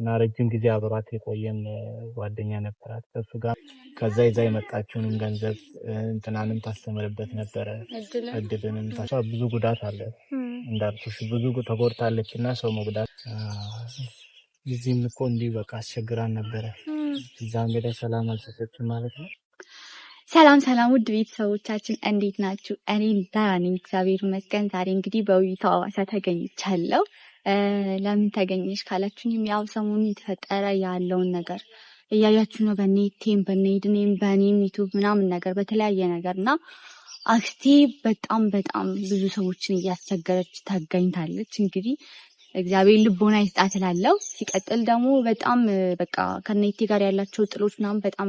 እና ረጅም ጊዜ አብሯት የቆየም ጓደኛ ነበራት። ከሱ ጋር ከዛ ይዛ የመጣችውንም ገንዘብ እንትናንም ታስተምርበት ነበረ። እድልንም ታ ብዙ ጉዳት አለ እንዳልኩሽ ብዙ ተጎድታለች እና ሰው መጉዳት ጊዜም እኮ እንዲህ በቃ አስቸግራን ነበረ። እዛ እንግዲህ ሰላም አልሰጠችም ማለት ነው። ሰላም ሰላም፣ ውድ ቤተሰቦቻችን እንዴት ናችሁ? እኔ ደህና ነኝ፣ እግዚአብሔር ይመስገን። ዛሬ እንግዲህ በውይይቱ ሐዋሳ ተገኝቻለሁ። ለምን ተገኘሽ ካላችሁኝም ያው ሰሞኑን የተፈጠረ ያለውን ነገር እያያችሁ ነው። በእኔ ቴም በእኔ ድኔም ዩቱብ ምናምን ነገር በተለያየ ነገር እና አክስቴ በጣም በጣም ብዙ ሰዎችን እያስቸገረች ታገኝታለች። እንግዲህ እግዚአብሔር ልቦና ይስጣት እላለሁ። ሲቀጥል ደግሞ በጣም በቃ ከነቴ ጋር ያላቸው ጥሎች ምናምን በጣም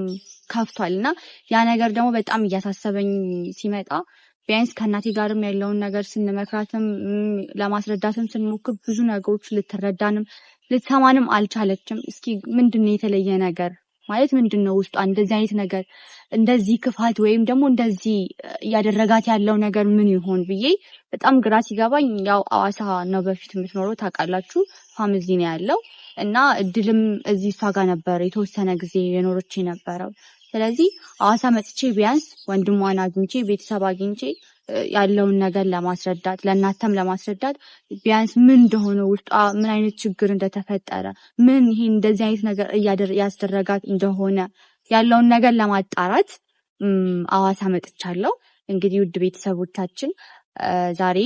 ከፍቷል እና ያ ነገር ደግሞ በጣም እያሳሰበኝ ሲመጣ ቢያንስ ከእናቴ ጋርም ያለውን ነገር ስንመክራትም ለማስረዳትም ስንሞክር ብዙ ነገሮች ልትረዳንም ልትሰማንም አልቻለችም። እስኪ ምንድን ነው የተለየ ነገር ማለት ምንድን ነው ውስጧ እንደዚህ አይነት ነገር እንደዚህ ክፋት ወይም ደግሞ እንደዚህ እያደረጋት ያለው ነገር ምን ይሆን ብዬ በጣም ግራ ሲገባኝ፣ ያው አዋሳ ነው በፊት የምትኖረው ታውቃላችሁ፣ ፋሚሊ ነው ያለው እና እድልም እዚህ እሷ ጋር ነበር የተወሰነ ጊዜ የኖረች ነበረው ስለዚህ አዋሳ መጥቼ ቢያንስ ወንድሟን አግኝቼ ቤተሰብ አግኝቼ ያለውን ነገር ለማስረዳት ለእናተም ለማስረዳት ቢያንስ ምን እንደሆነ ውስጧ ምን አይነት ችግር እንደተፈጠረ ምን ይሄ እንደዚህ አይነት ነገር እያስደረጋት እንደሆነ ያለውን ነገር ለማጣራት አዋሳ መጥቻለሁ። እንግዲህ ውድ ቤተሰቦቻችን ዛሬ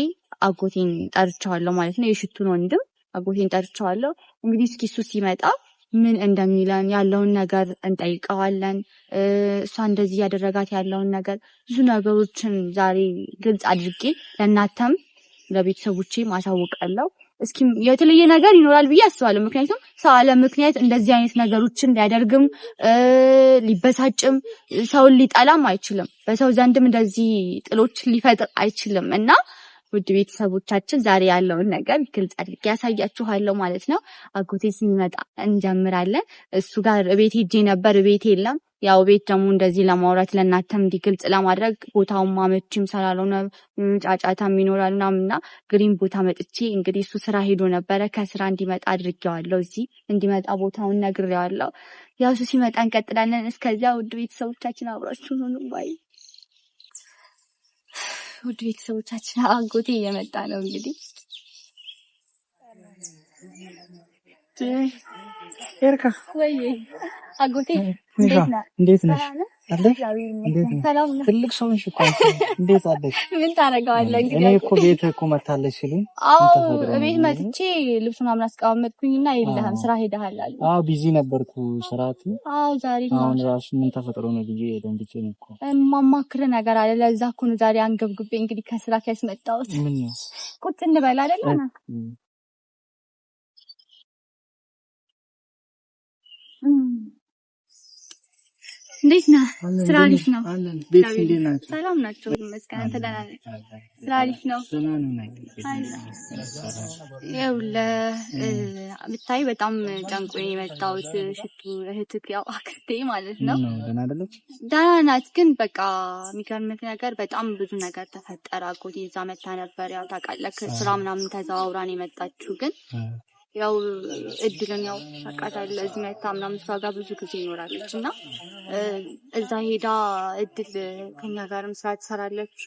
አጎቴን ጠርቸዋለሁ ማለት ነው። የሽቱን ወንድም አጎቴን ጠርቸዋለሁ። እንግዲህ እስኪ እሱ ሲመጣ ምን እንደሚለን ያለውን ነገር እንጠይቀዋለን። እሷ እንደዚህ እያደረጋት ያለውን ነገር ብዙ ነገሮችን ዛሬ ግልጽ አድርጌ ለእናተም ለቤተሰቦቼ ማሳወቃለሁ። እስኪ የተለየ ነገር ይኖራል ብዬ አስባለሁ። ምክንያቱም ሰው አለ ምክንያት እንደዚህ አይነት ነገሮችን ሊያደርግም ሊበሳጭም ሰውን ሊጠላም አይችልም። በሰው ዘንድም እንደዚህ ጥሎችን ሊፈጥር አይችልም እና ውድ ቤተሰቦቻችን ዛሬ ያለውን ነገር ግልጽ አድርጌ ያሳያችኋለሁ ማለት ነው። አጎቴ ሲመጣ እንጀምራለን። እሱ ጋር ቤት ሄጄ ነበር፣ ቤት የለም። ያው ቤት ደግሞ እንደዚህ ለማውራት ለእናንተም እንዲህ ግልጽ ለማድረግ ቦታውን ማመችም ስላልሆነ ጫጫታም ይኖራል ምናምን እና ግሪን ቦታ መጥቼ እንግዲህ እሱ ስራ ሄዶ ነበረ። ከስራ እንዲመጣ አድርጌዋለሁ። እዚህ እንዲመጣ ቦታውን ነግሬዋለሁ። ያው እሱ ሲመጣ እንቀጥላለን። እስከዚያ ውድ ቤተሰቦቻችን አብራችሁን ሆኑ ባይ ውድ ቤተሰቦቻችን አጎቴ እየመጣ ነው እንግዲህ ኤርካ አጎቴ እንዴት ነሽ? ትልቅ ሰው ነሽ እኮ እንዴት አለሽ? ምን ታደርገዋለህ? እኔ እኮ ቤት እኮ መታለች ሲሉኝ፣ አዎ ቤት መጥቼ ልብሱን ምናምን አስቀመጥኩኝ የለህም ስራ ሄደሃል አሉ። አዎ ቢዚ ነበርኩ ስራት። አዎ ዛሬ አሁን ራሱ ምን ተፈጥሮ ነው ብዬ ደንብቼ ነው እኮ የማማክር ነገር አለ። ለዛ እኮ ነው ዛሬ አንገብግቤ እንግዲህ ከስራ ሲያስመጣሁት። ምን ቁጭ እንበል አይደለ እንዴት ነህ? ስራ አሪፍ ነው። ሰላም ናቸው ይመስገን። ተደናነቅ ስራ አሪፍ ነው። ይኸውልህ ብታይ በጣም ጨንቆኝ የመጣሁት ሽቱ እህትህ ያው አክስቴ ማለት ነው። ደህና ናት፣ ግን በቃ የሚገርምህ ነገር በጣም ብዙ ነገር ተፈጠረ። አጎቴ እዛ መታ ነበር። ያው ታውቃለህ ስራ ምናምን ተዘዋውራን የመጣችሁ ግን ያው እድልን ያው አቃታለ እዚህ መታ ምናምን እሷ ጋር ብዙ ጊዜ ይኖራለች እና እዛ ሄዳ እድል ከኛ ጋርም ስራ ትሰራለች።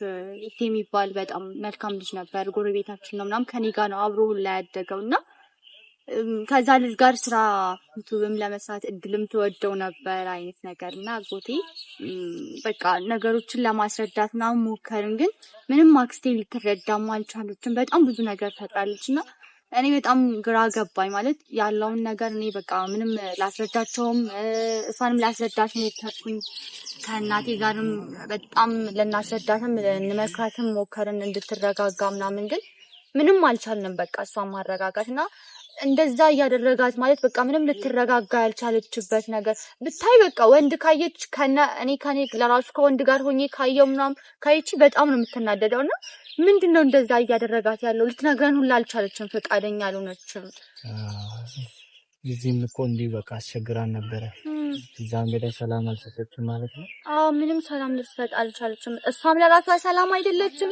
ይሄ የሚባል በጣም መልካም ልጅ ነበር፣ ጎረቤታችን ነው ምናምን ከኔ ጋር ነው አብሮ ሁላ ያደገው እና ከዛ ልጅ ጋር ስራ ዩቱብም ለመስራት እድልም ትወደው ነበር አይነት ነገር እና ጎቴ በቃ ነገሮችን ለማስረዳት ምናምን ሞከርን፣ ግን ምንም አክስቴ ልትረዳም አልቻለችም። በጣም ብዙ ነገር ፈጥራለች እና እኔ በጣም ግራ ገባኝ። ማለት ያለውን ነገር እኔ በቃ ምንም ላስረዳቸውም እሷንም ላስረዳት ሞከርኩኝ። ከእናቴ ጋርም በጣም ልናስረዳትም እንመክራትም ሞከርን እንድትረጋጋ ምናምን፣ ግን ምንም አልቻልንም። በቃ እሷን ማረጋጋት እና እንደዛ እያደረጋት ማለት በቃ ምንም ልትረጋጋ ያልቻለችበት ነገር ብታይ በቃ ወንድ ካየች ከነ እኔ ከኔ ለራሱ ከወንድ ጋር ሆኜ ካየው ምናም ካየች በጣም ነው የምትናደደው። እና ምንድን ነው እንደዛ እያደረጋት ያለው? ልትነግረን ሁላ አልቻለችም፣ ፈቃደኛ አልሆነችም። ጊዜም እኮ እንዲህ በቃ አስቸግራን ነበረ እዛ እንግዲህ ሰላም አልሰጠችም ማለት ነው። አዎ ምንም ሰላም ልትሰጥ አልቻለችም። እሷም ለራሷ ሰላም አይደለችም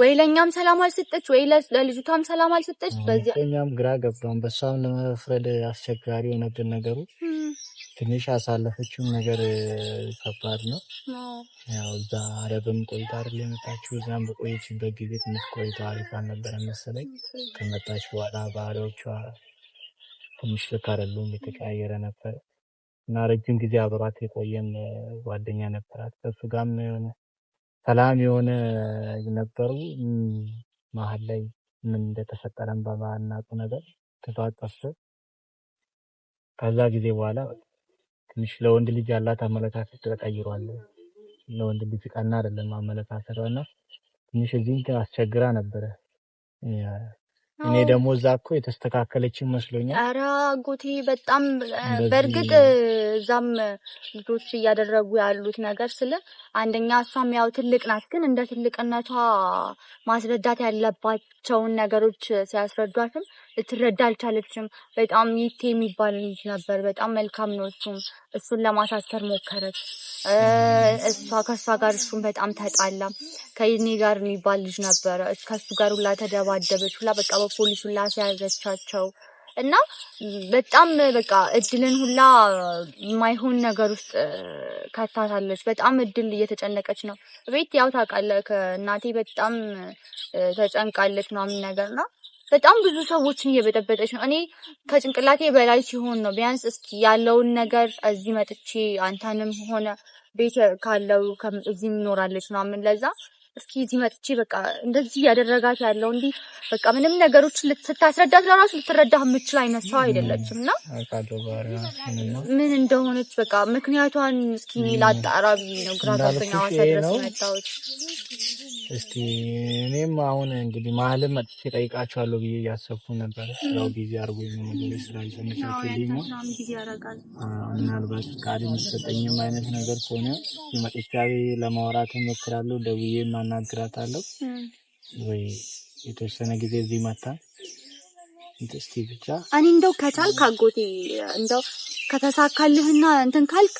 ወይ ለእኛም ሰላም አልሰጠች ወይ ለልጅቷም ሰላም አልሰጠች። በዚህ እኛም ግራ ገባን። በእሷም ለመፍረድ አስቸጋሪ የሆነብን ነገሩ ትንሽ ያሳለፈችው ነገር ከባድ ነው። ያው እዛ አረብም ቆይታ አይደል የመጣችው። እዛም በቆየችበት ጊዜ ትንሽ ቆይቶ አሪፍ አልነበረ መሰለኝ። ከመጣች በኋላ ባህሪዎቿ ትንሽ ልክ አይደሉም፣ የተቀያየረ ነበር። እና ረጅም ጊዜ አብሯት የቆየም ጓደኛ ነበራት። ከእሱ ጋም የሆነ ሰላም የሆነ ነበሩ። መሀል ላይ ምን እንደተፈጠረም በማናቁ ነገር ተፋጠሱ። ከዛ ጊዜ በኋላ ትንሽ ለወንድ ልጅ ያላት አመለካከት ተቀይሯል። ለወንድ ልጅ ቀና አይደለም አመለካከቷ እና ትንሽ እዚህ አስቸግራ ነበረ። እኔ ደግሞ እዛ እኮ የተስተካከለች ይመስሎኛል። ኧረ አጎቴ በጣም በእርግጥ እዛም ልጆች እያደረጉ ያሉት ነገር ስለ አንደኛ እሷም ያው ትልቅ ናት፣ ግን እንደ ትልቅነቷ ማስረዳት ያለባቸውን ነገሮች ሲያስረዷትም ልትረዳ አልቻለችም። በጣም ይቴ የሚባል ልጅ ነበር። በጣም መልካም ነው። እሱም እሱን ለማሳሰር ሞከረች። እሷ ከእሷ ጋር እሱም በጣም ተጣላ። ከኔ ጋር የሚባል ልጅ ነበረ። ከሱ ጋር ሁላ ተደባደበች። ሁላ በቃ በፖሊስ ሁላ ሲያዘቻቸው እና በጣም በቃ እድልን ሁላ የማይሆን ነገር ውስጥ ከታታለች። በጣም እድል እየተጨነቀች ነው። ቤት ያው ታውቃለህ፣ ከእናቴ በጣም ተጨንቃለች ምናምን ነገር ነው በጣም ብዙ ሰዎችን እየበጠበጠች ነው። እኔ ከጭንቅላቴ በላይ ሲሆን ነው ቢያንስ እስኪ ያለውን ነገር እዚህ መጥቼ አንተንም ሆነ ቤት ካለው እዚህ እኖራለች ምናምን ለዛ እስኪ እዚህ መጥቼ በቃ እንደዚህ እያደረጋት ያለው እንዲህ በቃ ምንም ነገሮችን ስታስረዳት ለራሱ ልትረዳህ የምችል አይነት ሰው አይደለችም እና ምን እንደሆነች በቃ ምክንያቷን እስኪ ላጣራ ብዬ ነው ግራ ገብቶኝ ሐዋሳ ድረስ የመጣሁት። እስቲ እኔም አሁን እንግዲህ መሀልም መጥቼ ጠይቃቸዋለሁ ብዬ እያሰብኩ ነበር። ስራው ጊዜ አርጎ ስራ ምናልባት ቃል የሚሰጠኝም አይነት ነገር ከሆነ መጥቻ ለማውራት እሞክራለሁ። ደውዬ ማናግራት አለው ወይ የተወሰነ ጊዜ እዚህ መታ እስኪ ብቻ እኔ እንደው ከቻልክ አጎቴ እንደው ከተሳካልህና እንትን ካልክ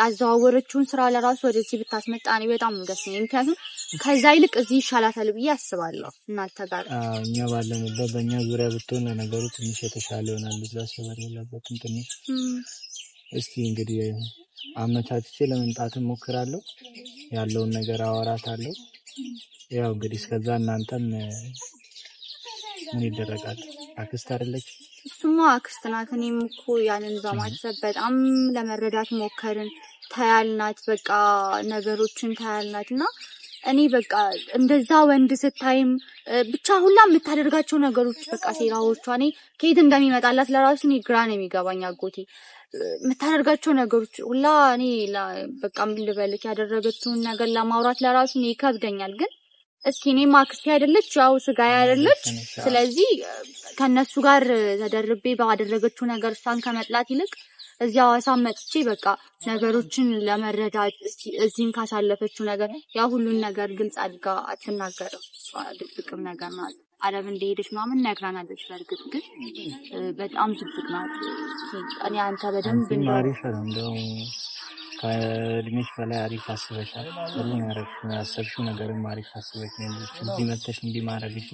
ያዘዋወረችውን ስራ ለራሱ ወደዚህ ብታስመጣ እኔ በጣም ደስ ነኝ። ምክንያቱም ከዛ ይልቅ እዚህ ይሻላታል ብዬ አስባለሁ። እናንተ ጋር እኛ ባለንበት በእኛ ዙሪያ ብትሆን ለነገሩ ትንሽ የተሻለ ይሆናል። ላስበር የለበትም ትንሽ እስቲ እንግዲህ አመቻችቼ ለመምጣት ሞክራለሁ። ያለውን ነገር አወራታለሁ። ያው እንግዲህ እስከዛ እናንተም ምን ይደረጋል? አክስት አይደለች? እሱማ አክስት ናት። እኔም እኮ ያንን በማሰብ በጣም ለመረዳት ሞከርን። ታያልናት በቃ ነገሮችን ታያልናት እና እኔ በቃ እንደዛ ወንድ ስታይም ብቻ ሁላ የምታደርጋቸው ነገሮች በቃ ሴራዎቿ፣ እኔ ከየት እንደሚመጣላት ለራሱ እኔ ግራ ነው የሚገባኝ። አጎቴ የምታደርጋቸው ነገሮች ሁላ እኔ በቃ ልበልክ ያደረገችውን ነገር ለማውራት ለራሱ እኔ ይከብደኛል ግን እስኪ እኔም አክስቴ አይደለች ያው ስጋዬ አይደለች። ስለዚህ ከእነሱ ጋር ተደርቤ ባደረገችው ነገር እሷን ከመጥላት ይልቅ እዚያ ሐዋሳ መጥቼ በቃ ነገሮችን ለመረዳት እስኪ እዚህም ካሳለፈችው ነገር ያ ሁሉን ነገር ግልጽ አድጋ አትናገርም። ድብቅም ነገር ናት። አረብ እንደሄደች ምናምን ነግራናለች። በእርግጥ ግን በጣም ድብቅ ናት። እኔ አንተ በደንብ ከእድሜሽ በላይ አሪፍ አስበሻል። ጥሩ ነው ያሰብሽው ነገርም አሪፍ አስበሽ እዚህ መተሽ እንዲህ ማድረግሽ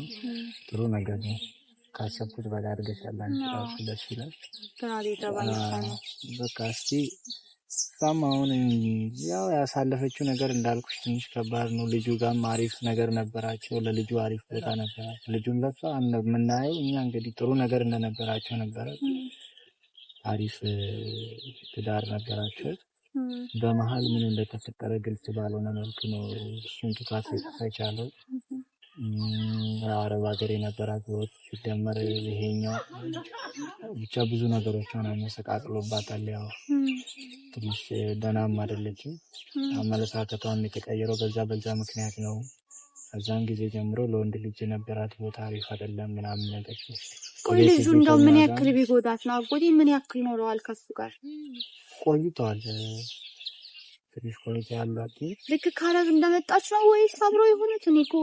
ጥሩ ነገር ነው። ካሰብኩት በላይ አድርገሻል። አንቺ ደስ ይላል። በቃ እስኪ እሷም አሁን ያው ያሳለፈችው ነገር እንዳልኩሽ ትንሽ ከባድ ነው። ልጁ ጋም አሪፍ ነገር ነበራቸው። ለልጁ አሪፍ ቦታ ነበራቸው። ልጁም ለሷ የምናየው እኛ እንግዲህ ጥሩ ነገር እንደነበራቸው ነበረ። አሪፍ ትዳር ነበራቸው። በመሀል ምን እንደተፈጠረ ግልጽ ባልሆነ መልኩ ነው እሱን ትቷት የጠፋቻለው። አረብ ሀገር የነበራት ህይወት ሲደመር ይሄኛው ብቻ ብዙ ነገሮች ሆነ መሰቃቅሎባታል። ያው ትንሽ ደህናም አይደለችም። አመለካከቷም የተቀየረው በዛ በዛ ምክንያት ነው። ከዛን ጊዜ ጀምሮ ለወንድ ልጅ የነበራት ቦታ አሪፍ አይደለም ምናምን ነገር ቆይ ልጁ እንደው ምን ያክል ቢጎዳት ነው? አጎቴ ምን ያክል ኖረዋል ከሱ ጋር ቆይቷል? ትንሽ ቆይታ ያለው ልክ ከአረብ እንደመጣች ነው ወይስ አብረው የሆኑት? እኔ እኮ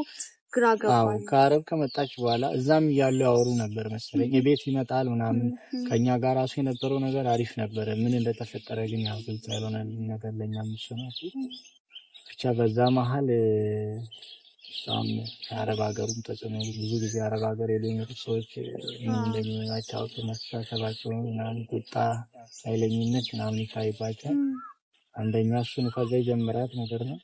ግራ ገባኝ። ከአረብ ከመጣች በኋላ እዛም እያሉ ያወሩ ነበር መሰለኝ። ቤት ይመጣል ምናምን ከእኛ ጋር ራሱ የነበረው ነገር አሪፍ ነበረ። ምን እንደተፈጠረ ግን ያው ግልጽ ያልሆነ ነገር ለእኛ ብቻ በዛ መሀል እሷም የአረብ ሀገሩም ተጽዕኖ ብዙ ጊዜ አረብ ሀገር የሚኖሩ ሰዎች እንደሚሆናቸው መተሳሰባቸውን ምናምን ቁጣ፣ ኃይለኝነት ምናምን ይታይባቸዋል። አንደኛ እሱን ከዛ የጀመራት ነገር ነው።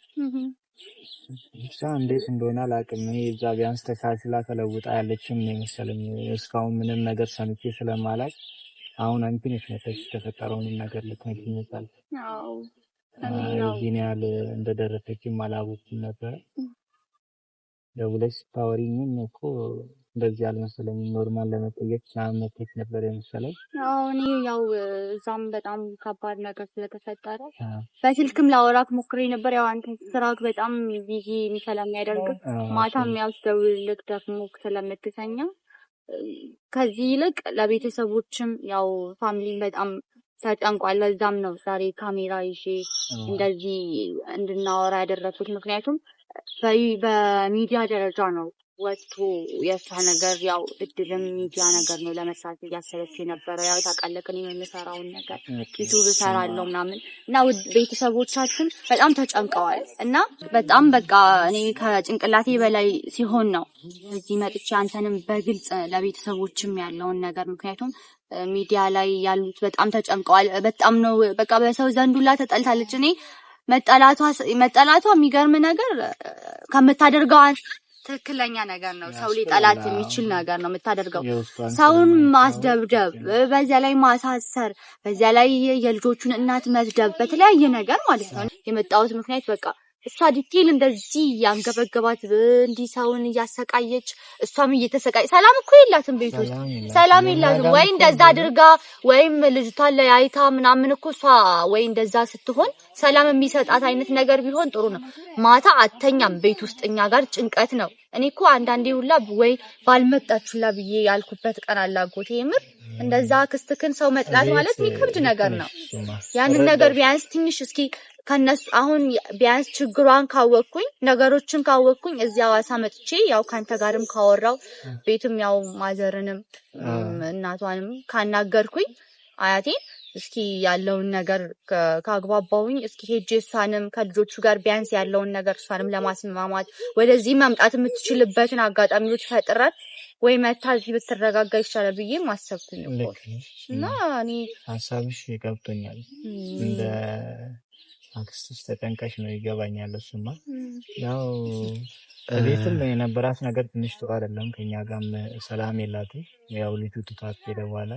ብቻ እንዴት እንደሆነ አላውቅም። እኔ እዛ ቢያንስ ተሻሽላ ተለውጣ ያለችም ነው የመሰለኝ። እስካሁን ምንም ነገር ሰምቼ ስለማላቅ አሁን አንቺ ነሽ መተሽ የተፈጠረውንም ነገር ልትነግሪኝ ይመጣል። እዚህ ያህል እንደደረሰችም አላወኩም ነበር። ደውለሽ ስታወሪኝ እኮ እንደዚህ አልመሰለኝም። ኖርማል ለመጠየቅ መተት ነበር የመሰለኝ። እኔ ያው እዛም በጣም ከባድ ነገር ስለተፈጠረ በስልክም ላወራት ሞክሬ ነበር። ያው አንተ ስራት በጣም ቢዚ ስለሚያደርግ ማታም ያው ስደውልልክ ደግሞ ስለምትተኛ ከዚህ ይልቅ ለቤተሰቦችም ያው ፋሚሊ በጣም ተጨንቋል። ለዛም ነው ዛሬ ካሜራ ይዤ እንደዚህ እንድናወራ ያደረኩት ምክንያቱም በሚዲያ ደረጃ ነው ወጥቶ የእሷ ነገር ያው እድልም ሚዲያ ነገር ነው ለመስራት እያሰበች የነበረው ያው የታቀለቅን እኔም የምሰራውን ነገር ዩቱብ እሰራለው ምናምን እና ቤተሰቦቻችን በጣም ተጨንቀዋል እና በጣም በቃ እኔ ከጭንቅላቴ በላይ ሲሆን ነው እዚህ መጥቼ አንተንም በግልጽ ለቤተሰቦችም ያለውን ነገር ምክንያቱም ሚዲያ ላይ ያሉት በጣም ተጨንቀዋል። በጣም ነው በቃ በሰው ዘንዱላ ተጠልታለች። እኔ መጠላቷ የሚገርም ነገር ከምታደርገው ትክክለኛ ነገር ነው። ሰው ሊጠላት የሚችል ነገር ነው የምታደርገው። ሰውን ማስደብደብ፣ በዚያ ላይ ማሳሰር፣ በዚያ ላይ የልጆቹን እናት መስደብ፣ በተለያየ ነገር ማለት ነው። የመጣሁት ምክንያት በቃ እሷ ዲቴል እንደዚህ ያንገበገባት እንዲህ ሰውን እያሰቃየች እሷም እየተሰቃየ ሰላም እኮ የላትም፣ ቤት ውስጥ ሰላም የላትም። ወይ እንደዛ አድርጋ ወይም ልጅቷን ለያይታ ምናምን እኮ እሷ ወይ እንደዛ ስትሆን ሰላም የሚሰጣት አይነት ነገር ቢሆን ጥሩ ነው። ማታ አተኛም ቤት ውስጥ እኛ ጋር ጭንቀት ነው። እኔ እኮ አንዳንዴ ሁላ ወይ ባልመጣችሁላ ብዬ ያልኩበት ቀን አለ አጎቴ። የምር እንደዛ ክስትክን ሰው መጥላት ማለት የሚከብድ ነገር ነው። ያንን ነገር ቢያንስ ትንሽ እስኪ ከነሱ አሁን ቢያንስ ችግሯን ካወቅኩኝ ነገሮችን ካወቅኩኝ እዚህ ሐዋሳ መጥቼ ያው ከአንተ ጋርም ካወራው ቤትም ያው ማዘርንም እናቷንም ካናገርኩኝ አያቴ እስኪ ያለውን ነገር ካግባባውኝ እስኪ ሄጄ እሷንም ከልጆቹ ጋር ቢያንስ ያለውን ነገር እሷንም ለማስማማት ወደዚህ መምጣት የምትችልበትን አጋጣሚዎች ፈጥረን ወይ መታ እዚህ ብትረጋጋ ይሻላል ብዬ ማሰብኩኝ እና እኔ ሀሳብሽ ገብቶኛል እንደ አክስትሽ ተጠንቀሽ ነው ይገባኛል። እሱማ ያው ቤትም የነበራት ነገር ትንሽ ጥሩ አይደለም። ከኛ ጋም ሰላም የላት ያው ልጁ ትቷት ሄደ በኋላ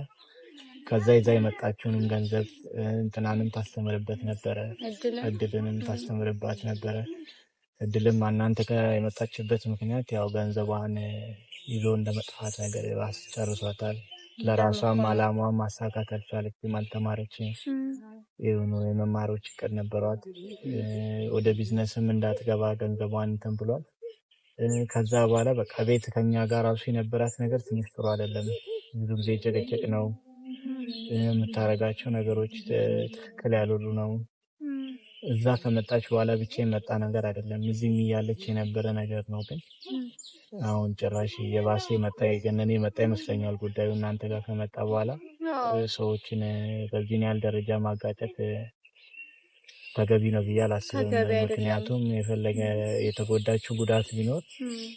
ከዛ ይዛ የመጣችውንም ገንዘብ እንትናንም ታስተምርበት ነበረ፣ እድልንም ታስተምርባት ነበረ። እድልም እናንተ የመጣችበት ምክንያት ያው ገንዘቧን ይዞ እንደመጥፋት ነገር ራስ ጨርሷታል። ለራሷም አላማዋን ማሳካት አልቻለችም፣ አልተማረችም። የሆኑ የመማሪዎች እቅድ ነበሯት። ወደ ቢዝነስም እንዳትገባ ገንዘቧን እንትን ብሏል። ከዛ በኋላ በቃ ቤት ከኛ ጋር ራሱ የነበራት ነገር ትንሽ ጥሩ አይደለም። ብዙ ጊዜ ጭቅጭቅ ነው። የምታደርጋቸው ነገሮች ትክክል ያልሆኑ ነው። እዛ ከመጣች በኋላ ብቻ የመጣ ነገር አይደለም። እዚህም እያለች የነበረ ነገር ነው። ግን አሁን ጭራሽ የባሰ መጣ፣ የገነነ የመጣ ይመስለኛል ጉዳዩ እናንተ ጋር ከመጣ በኋላ ሰዎችን በዚህን ያህል ደረጃ ማጋጨት ተገቢ ነው ብዬ አላስብም። ምክንያቱም የፈለገ የተጎዳችው ጉዳት ቢኖር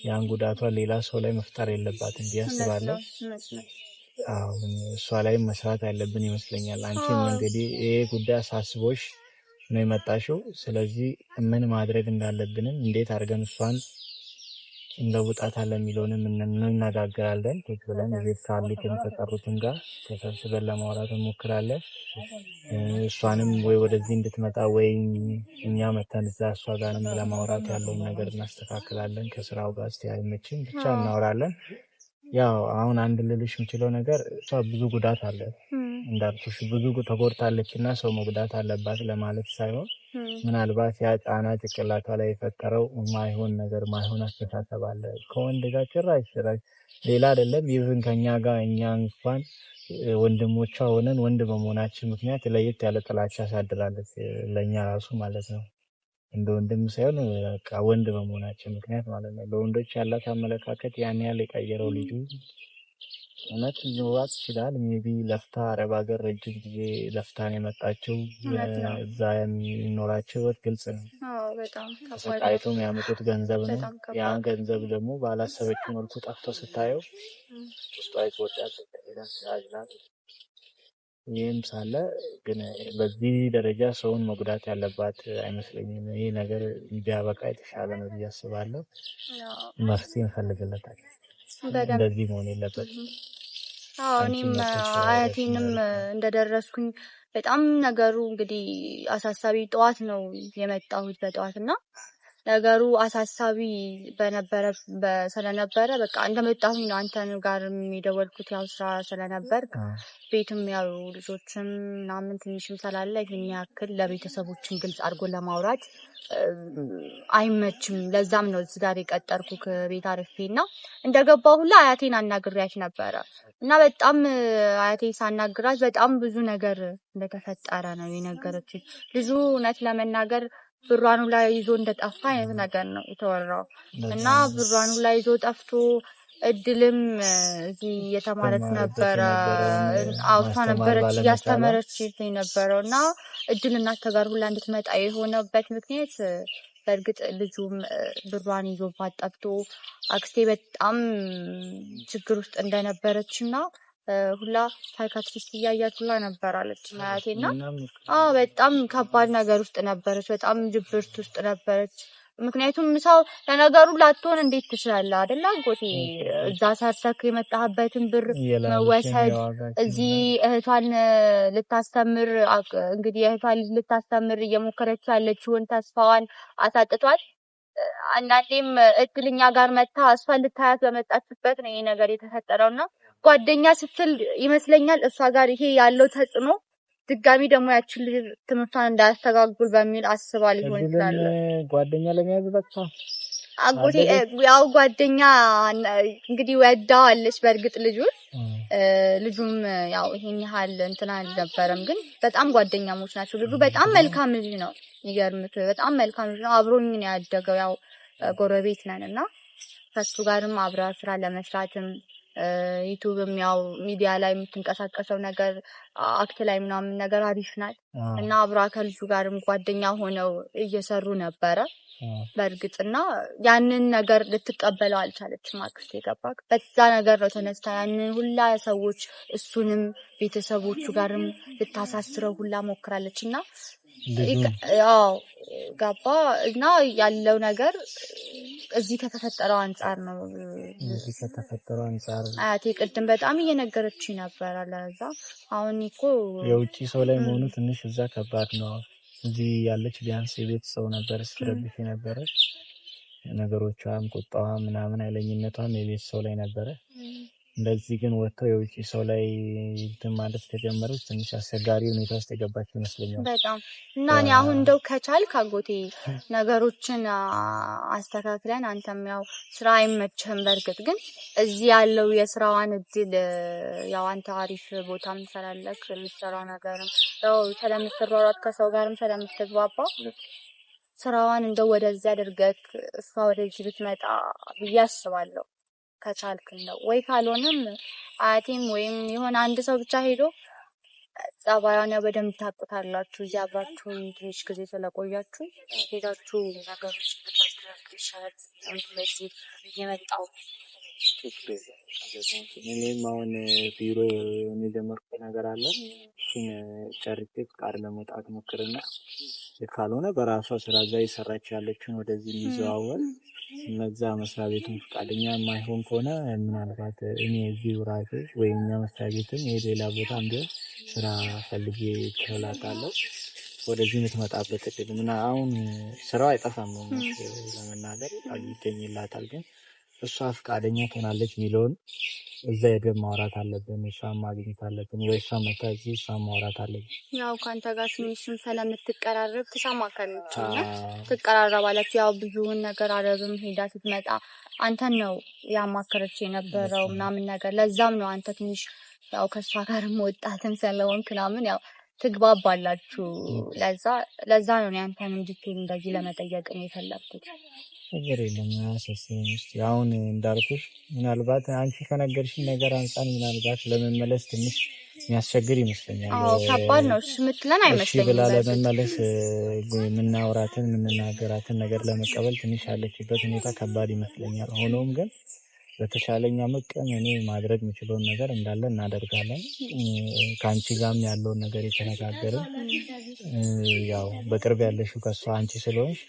ያን ጉዳቷን ሌላ ሰው ላይ መፍጠር የለባትም ብዬ አስባለሁ። አሁን እሷ ላይ መስራት ያለብን ይመስለኛል። አንቺም እንግዲህ ይሄ ጉዳይ አሳስቦሽ ነው የመጣሽው። ስለዚህ ምን ማድረግ እንዳለብንም እንዴት አድርገን እሷን እንለውጣታለን የሚለውንም እንነጋገራለን። ቁጭ ብለን ቤት ካሉትም ከጠሩትም ጋር ተሰብስበን ለማውራት እንሞክራለን። እሷንም ወይ ወደዚህ እንድትመጣ ወይ እኛ መተን እዛ እሷ ጋርም ለማውራት ያለውን ነገር እናስተካክላለን። ከስራው ጋር ስቲያ አይመችም ብቻ እናወራለን። ያው አሁን አንድ ልልሽ የምችለው ነገር እሷ ብዙ ጉዳት አለ እንዳልኩሽ ብዙ ተጎድታለች እና ሰው መጉዳት አለባት ለማለት ሳይሆን ምናልባት ያ ጫና ጭቅላቷ ላይ የፈጠረው ማይሆን ነገር ማይሆን አስተሳሰብ አለ። ከወንድ ጋር ጭራሽ ጭራሽ ሌላ አይደለም ይብን ከኛ ጋር እኛ እንኳን ወንድሞቿ ሆነን ወንድ በመሆናችን ምክንያት ለየት ያለ ጥላቻ ያሳድራለች ለእኛ ራሱ ማለት ነው። እንደ ወንድም ሳይሆን በቃ ወንድ በመሆናቸው ምክንያት ማለት ነው። ለወንዶች ያላት አመለካከት ያን ያህል የቀየረው ልጁ እውነት ሊኖራት ይችላል። ሜቢ ለፍታ አረብ ሀገር ረጅም ጊዜ ለፍታን የመጣቸው እዛ የሚኖራቸው ህይወት ግልጽ ነው። ተሰቃይቶ የሚያመጡት ገንዘብ ነው። ያን ገንዘብ ደግሞ ባላሰበችው መልኩ ጠፍቶ ስታየው ውስጧ ይቆጫል። ይህም ሳለ ግን በዚህ ደረጃ ሰውን መጉዳት ያለባት አይመስለኝም። ይህ ነገር ቢያበቃ የተሻለ ነው ብዬ አስባለሁ። መፍትሄ እንፈልግለታል። እንደዚህ መሆን የለበትም። እኔም አያቴንም እንደደረስኩኝ በጣም ነገሩ እንግዲህ አሳሳቢ ጠዋት ነው የመጣሁት በጠዋት እና ነገሩ አሳሳቢ በነበረ ስለነበረ በቃ እንደመጣሁኝ ነው አንተን ጋር የሚደወልኩት። ያው ስራ ስለነበር ቤትም ያሉ ልጆችም ምናምን ትንሽም ስላለ ይህን ያክል ለቤተሰቦችን ግልጽ አድርጎ ለማውራት አይመችም። ለዛም ነው እዚህ ጋር የቀጠርኩ ቤት አርፌ እና እንደገባ ሁላ አያቴን አናግሪያት ነበረ እና በጣም አያቴ ሳናግራት በጣም ብዙ ነገር እንደተፈጠረ ነው የነገረችኝ። ልጁ እውነት ለመናገር ብሯኑ ላይ ይዞ እንደጠፋ አይነት ነገር ነው የተወራው እና ብሯኑ ላይ ይዞ ጠፍቶ እድልም እዚህ እየተማረች ነበረ። አውሷ ነበረች እያስተመረች ነበረው እና እድል እናት ጋር ሁላ እንድትመጣ የሆነበት ምክንያት በእርግጥ ልጁም ብሯን ይዞባት ጠፍቶ አክስቴ በጣም ችግር ውስጥ እንደነበረች እና ሁላ ሳይካትሪስት እያያች ሁላ ነበር አለች አያቴና። አዎ በጣም ከባድ ነገር ውስጥ ነበረች። በጣም ድብርት ውስጥ ነበረች። ምክንያቱም ሰው ለነገሩ ላትሆን እንዴት ትችላለህ? አደለ አጎቴ፣ እዛ ሰርተክ የመጣህበትን ብር መወሰድ፣ እዚህ እህቷን ልታስተምር እንግዲህ እህቷን ልታስተምር እየሞከረች ያለችውን ተስፋዋን አሳጥቷል። አንዳንዴም እክልኛ ጋር መታ እሷን ልታያት በመጣችበት ነው ይሄ ነገር የተፈጠረውና ጓደኛ ስትል ይመስለኛል እሷ ጋር ይሄ ያለው ተጽዕኖ ድጋሚ ደግሞ ያችን ልጅ ትምህርቷን እንዳያስተጋጉል በሚል አስባ ሊሆን ይችላል። ጓደኛ ለመያዝ በቃ አጎቴ ያው ጓደኛ እንግዲህ ወዳዋለች። በእርግጥ ልጁ ልጁም ያው ይሄን ያህል እንትን አልነበረም፣ ግን በጣም ጓደኛሞች ናቸው። ልጁ በጣም መልካም ልጅ ነው። ይገርምት በጣም መልካም ልጅ ነው። አብሮኝ ነው ያደገው። ያው ጎረቤት ነን እና ከሱ ጋርም አብረ ስራ ለመስራትም ዩቱብ ያው ሚዲያ ላይ የምትንቀሳቀሰው ነገር አክት ላይ ምናምን ነገር አሪፍ ናት እና አብራ ከልጁ ጋርም ጓደኛ ሆነው እየሰሩ ነበረ በእርግጥ እና ያንን ነገር ልትቀበለው አልቻለችም። አክስት የገባ በዛ ነገር ነው ተነስታ ያንን ሁላ ሰዎች እሱንም ቤተሰቦቹ ጋርም ልታሳስረው ሁላ ሞክራለች እና ያው ገባ እና ያለው ነገር እዚህ ከተፈጠረው አንጻር ነው። እዚህ ከተፈጠረው አንጻር አያቴ ቅድም በጣም እየነገረች ነበር። ለዛ አሁን እኮ የውጭ ሰው ላይ መሆኑ ትንሽ እዛ ከባድ ነው። እዚህ ያለች ቢያንስ የቤት ሰው ነበር ስትረብሽ ነበረች። ነገሮቿም ቁጣዋ ምናምን አይለኝነቷም የቤት ሰው ላይ ነበረ። እንደዚህ ግን ወጥተው የውጭ ሰው ላይ እንትን ማለት ከጀመረች ትንሽ አስቸጋሪ ሁኔታ ውስጥ የገባች ይመስለኛል በጣም እና እኔ አሁን እንደው ከቻል ካጎቴ ነገሮችን አስተካክለን፣ አንተም ያው ስራ አይመችህም። በእርግጥ ግን እዚህ ያለው የስራዋን እድል ያው አንተ አሪፍ ቦታ ትሰራለህ፣ የምትሰራው ነገርም ያው ስለምትሯሯጥ ከሰው ጋርም ስለምትግባባ ስራዋን እንደው ወደዚያ አድርገህ እሷ ወደዚህ ብትመጣ ብዬ አስባለሁ። ከቻልክ ነው ወይ ካልሆነም አያቴም ወይም የሆነ አንድ ሰው ብቻ ሄዶ ጸባዩን ያው በደንብ ታውቁታላችሁ። እዚህ ትንሽ ጊዜ ስለቆያችሁ ሄዳችሁ ነገሮች ይሻል እየመጣው እኔም አሁን ቢሮ የጀመርኩት ነገር አለ። እሱን ጨርቄ ፍቃድ ለመውጣት ሞክርና ካልሆነ በራሷ ስራ እዛ እየሰራች ያለችውን ወደዚህ የሚዘዋወል እነዛ መስሪያ ቤቱን ፍቃደኛ የማይሆን ከሆነ ምናልባት እኔ እዚህ ራሴ ወይም እኛ መስሪያ ቤትም የሌላ ቦታ እንዲሆን ስራ ፈልጌ ትላታለሁ። ወደዚህ የምትመጣበት እድል ምና አሁን ስራው አይጠፋም ለመናገር ይገኝላታል ግን እሷ ፈቃደኛ ትሆናለች የሚለውን እዛ የደብ ማውራት አለብን። እሷ ማግኘት አለብን ወይ እሷ መታ እዚህ እሷን ማውራት አለብን። ያው ከአንተ ጋር ትንሽም ስለምትቀራረብ ትሰማከምችና ትቀራረባላችሁ። ያው ብዙውን ነገር አረብም ሄዳ ስትመጣ አንተን ነው ያማከረች የነበረው ምናምን ነገር። ለዛም ነው አንተ ትንሽ ያው ከእሷ ጋርም ወጣትም ስለሆንክ ምናምን ያው ትግባባላችሁ። ለዛ ለዛ ነው ያንተን እንዲቴል እንደዚህ ለመጠየቅ ነው የፈለግኩት። ነገር የለም። አሁን እንዳልኩሽ ምናልባት አንቺ ከነገርሽን ነገር አንጻር ምናልባት ለመመለስ ትንሽ የሚያስቸግር ይመስለኛል። ከባድ ነው አይመስለኝም። ብላ ለመመለስ የምናወራትን የምንናገራትን ነገር ለመቀበል ትንሽ ያለችበት ሁኔታ ከባድ ይመስለኛል። ሆኖም ግን በተሻለኛ መቀም እኔ ማድረግ የምችለውን ነገር እንዳለ እናደርጋለን። ከአንቺ ጋርም ያለውን ነገር የተነጋገርን ያው በቅርብ ያለሽው ከሷ አንቺ ስለሆንሽ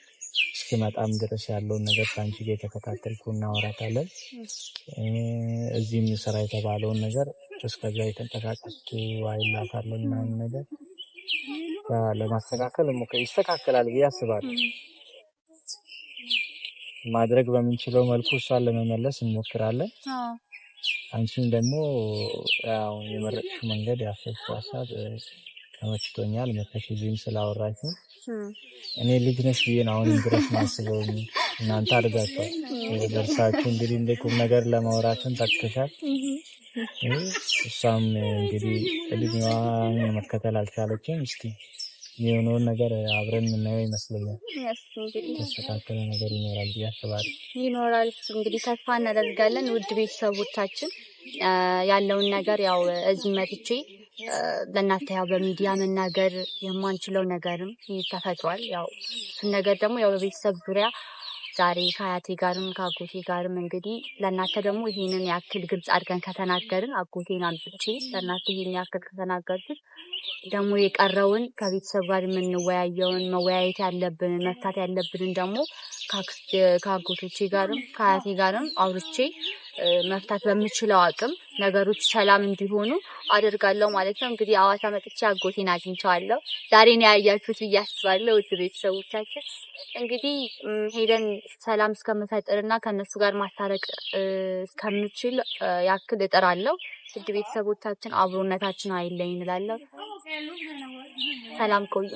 እስኪመጣም ድረስ ያለውን ነገር ከአንቺ ጋር የተከታተልኩ እናወራታለን። እዚህም ስራ የተባለውን ነገር እስከዛ የተንቀሳቀስኩ አይላታለን ምናምን ነገር ለማስተካከል ይስተካከላል ብዬ አስባለሁ። ማድረግ በምንችለው መልኩ እሷን ለመመለስ እንሞክራለን። አንቺም ደግሞ ያው የመረጥሽው መንገድ ያሰብሽው ሀሳብ ተመችቶኛል። መተሽ እዚህም ስላወራችን እኔ ልጅ ነሽ ብዬ ነው አሁንም ድረስ ማስበው። እናንተ አድርጋቸው ደርሳችሁ እንግዲህ እንደ ቁም ነገር ለማውራትን ታክሻል። እሷም እንግዲህ እድሜዋን መከተል አልቻለችም። እስኪ የሆነውን ነገር አብረን የምናየው ይመስለኛል። ተስተካከለ ነገር ይኖራል ብዬ አስባለሁ። ይኖራል እንግዲህ ተስፋ እናደርጋለን። ውድ ቤተሰቦቻችን ያለውን ነገር ያው እዚህ መጥቼ ለእናንተ ያው በሚዲያ መናገር የማንችለው ነገርም ተፈጥሯል። ያው እሱን ነገር ደግሞ ያው በቤተሰብ ዙሪያ ዛሬ ከአያቴ ጋርም ከአጎቴ ጋርም እንግዲህ ለእናንተ ደግሞ ይህንን ያክል ግልጽ አድርገን ከተናገርን አጎቴን አንብቼ ለእናንተ ይህን ያክል ከተናገርኩት ደግሞ የቀረውን ከቤተሰብ ጋር የምንወያየውን መወያየት ያለብንን መፍታት ያለብንን ደግሞ ከአጎቶቼ ጋርም ከአያቴ ጋርም አውርቼ መፍታት በምችለው አቅም ነገሮች ሰላም እንዲሆኑ አደርጋለሁ ማለት ነው። እንግዲህ አዋሳ መጥቼ አጎቴን አግኝቼዋለሁ። ዛሬ ነው ያያችሁት ብዬ አስባለሁ። ውድ ቤተሰቦቻችን እንግዲህ ሄደን ሰላም እስከምፈጥርና ከእነሱ ጋር ማስታረቅ እስከምችል ያክል እጥራለሁ። ውድ ቤተሰቦቻችን አብሮነታችን አይለይ እንላለሁ። ሰላም ቆዩ።